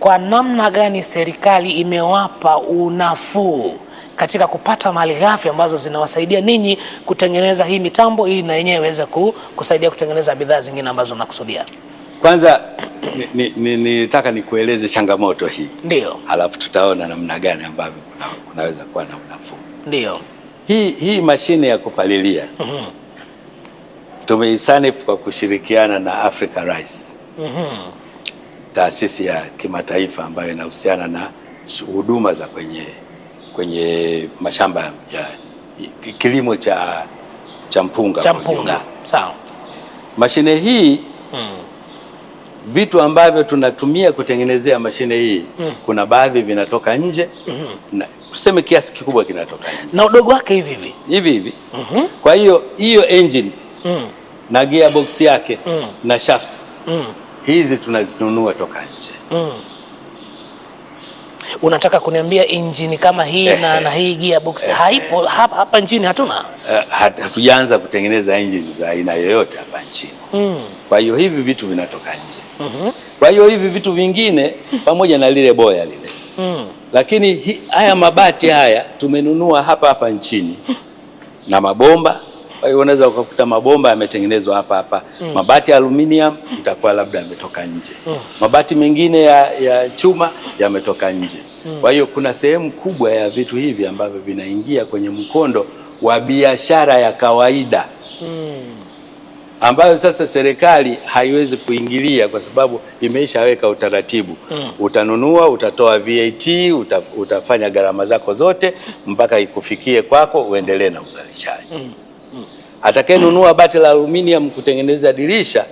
kwa namna gani serikali imewapa unafuu katika kupata mali ghafi ambazo zinawasaidia ninyi kutengeneza hii mitambo ili na yenyewe iweze kusaidia kutengeneza bidhaa zingine ambazo nakusudia. Kwanza nitaka ni, ni, nikueleze changamoto hii ndio, halafu tutaona namna gani ambavyo kunaweza kuwa na unafuu. Ndio hii, hii mashine ya kupalilia mm -hmm. tumeisanifu kwa kushirikiana na Africa Rice mm -hmm taasisi ya kimataifa ambayo inahusiana na huduma za kwenye, kwenye mashamba ya kilimo cha, cha mpunga, cha mpunga. Sawa. Mashine hii hmm. Vitu ambavyo tunatumia kutengenezea mashine hii mm. Kuna baadhi vinatoka nje mm -hmm. Na tuseme kiasi kikubwa kinatoka nje na udogo wake hivi hivi hivi hivi mm -hmm. Kwa hiyo hiyo engine mm. na gearbox yake mm. na shaft mm hizi tunazinunua toka nje mm. Unataka kuniambia injini kama hii na, eh, na hii gearbox eh, haipo eh. hapa, hapa nchini hatuna uh, hatujaanza kutengeneza injini za aina yoyote hapa nchini mm. Kwa hiyo hivi vitu vinatoka nje mm -hmm. Kwa hiyo hivi vitu vingine pamoja na lile boya lile mm. Lakini hi, haya mabati haya tumenunua hapa hapa nchini na mabomba kwa hiyo unaweza ukakuta mabomba yametengenezwa hapa hapa mm. mabati ya aluminium itakuwa labda yametoka nje mm. mabati mengine ya, ya chuma yametoka nje mm. kwa hiyo kuna sehemu kubwa ya vitu hivi ambavyo vinaingia kwenye mkondo wa biashara ya kawaida mm. ambayo sasa serikali haiwezi kuingilia kwa sababu imeishaweka utaratibu mm. utanunua, utatoa VAT, uta, utafanya gharama zako zote mpaka ikufikie kwako uendelee na uzalishaji mm. Atakayenunua bati la aluminium kutengeneza dirisha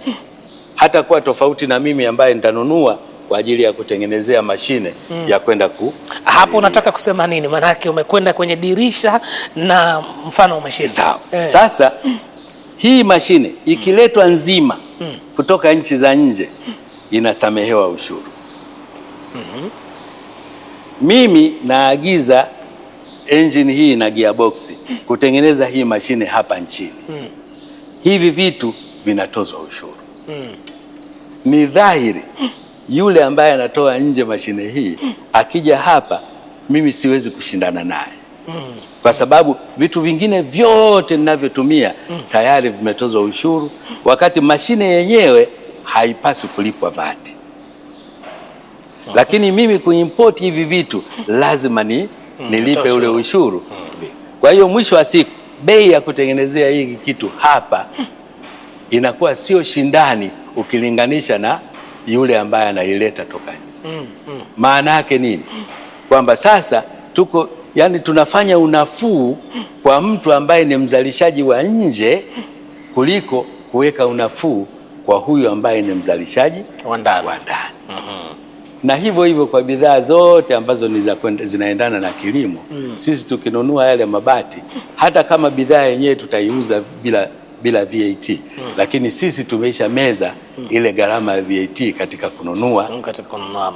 hata kuwa tofauti na mimi ambaye nitanunua kwa ajili ya kutengenezea mashine mm. ya kwenda ku. Hapo unataka kusema nini? Maanake umekwenda kwenye dirisha na mfano wa mashine sawa. Eh. Sasa hii mashine ikiletwa nzima mm. kutoka nchi za nje inasamehewa ushuru mm -hmm. mimi naagiza engine hii na gearbox kutengeneza hii mashine hapa nchini mm. hivi vitu vinatozwa ushuru mm. Ni dhahiri yule ambaye anatoa nje mashine hii akija hapa, mimi siwezi kushindana naye mm. kwa sababu vitu vingine vyote ninavyotumia mm. tayari vimetozwa ushuru, wakati mashine yenyewe haipasi kulipwa vati, hmm. lakini mimi kuimport hivi vitu lazima ni Mm. nilipe ule ushuru. Mm. Kwa hiyo mwisho wa siku bei ya kutengenezea hiki kitu hapa inakuwa sio shindani ukilinganisha na yule ambaye anaileta toka nje. Mm, Maana yake nini? Kwamba sasa tuko yani, tunafanya unafuu kwa mtu ambaye ni mzalishaji wa nje kuliko kuweka unafuu kwa huyu ambaye ni mzalishaji wa ndani. Mm-hmm na hivyo hivyo kwa bidhaa zote ambazo ni za zinaendana na kilimo mm. Sisi tukinunua yale mabati, hata kama bidhaa yenyewe tutaiuza bila bila VAT mm. Lakini sisi tumeisha meza mm. ile gharama ya VAT katika kununua mm, katika kununua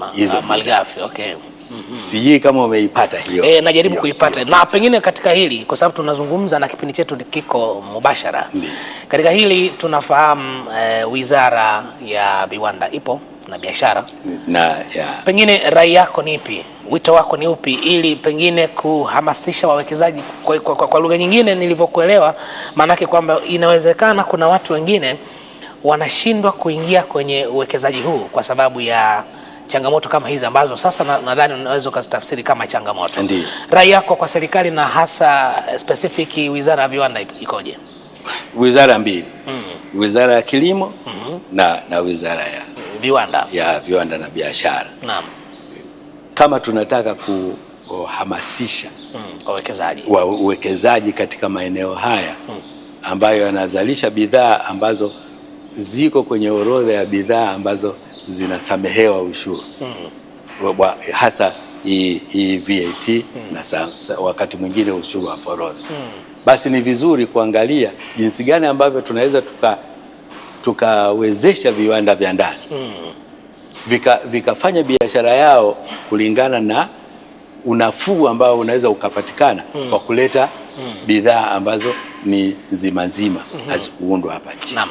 malighafi okay. Mm -hmm. Sijui kama umeipata hiyo. E, najaribu kuipata hiyo. Na pengine katika hili kwa sababu tunazungumza na kipindi chetu kiko mubashara. Ndi. Katika hili tunafahamu e, Wizara ya Viwanda ipo na biashara na, yeah. Pengine rai yako ni ipi? Wito wako ni upi ili pengine kuhamasisha wawekezaji? Kwa, kwa, kwa, kwa lugha nyingine nilivyokuelewa, maanake kwamba inawezekana kuna watu wengine wanashindwa kuingia kwenye uwekezaji huu kwa sababu ya changamoto kama hizi ambazo sasa nadhani na unaweza ukazitafsiri kama changamoto. Rai yako kwa serikali na hasa specific wizara ya viwanda ikoje? Wizara mbili mm. Wizara ya kilimo mm -hmm. na, na wizara ya viwanda ya viwanda na biashara. Naam. Kama tunataka kuhamasisha wawekezaji mm, wawekezaji katika maeneo haya mm, ambayo yanazalisha bidhaa ambazo ziko kwenye orodha ya bidhaa ambazo zinasamehewa ushuru mm, hasa hii VAT mm, na sa, sa, wakati mwingine ushuru wa forodha mm, basi ni vizuri kuangalia jinsi gani ambavyo tunaweza tuka tukawezesha viwanda vya ndani hmm. vika, vikafanya biashara yao kulingana na unafuu ambao unaweza ukapatikana hmm. kwa kuleta hmm. bidhaa ambazo ni zimazima hazikuundwa hapa nchini.